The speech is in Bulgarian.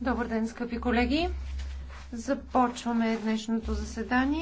Добър ден, скъпи колеги! Започваме днешното заседание.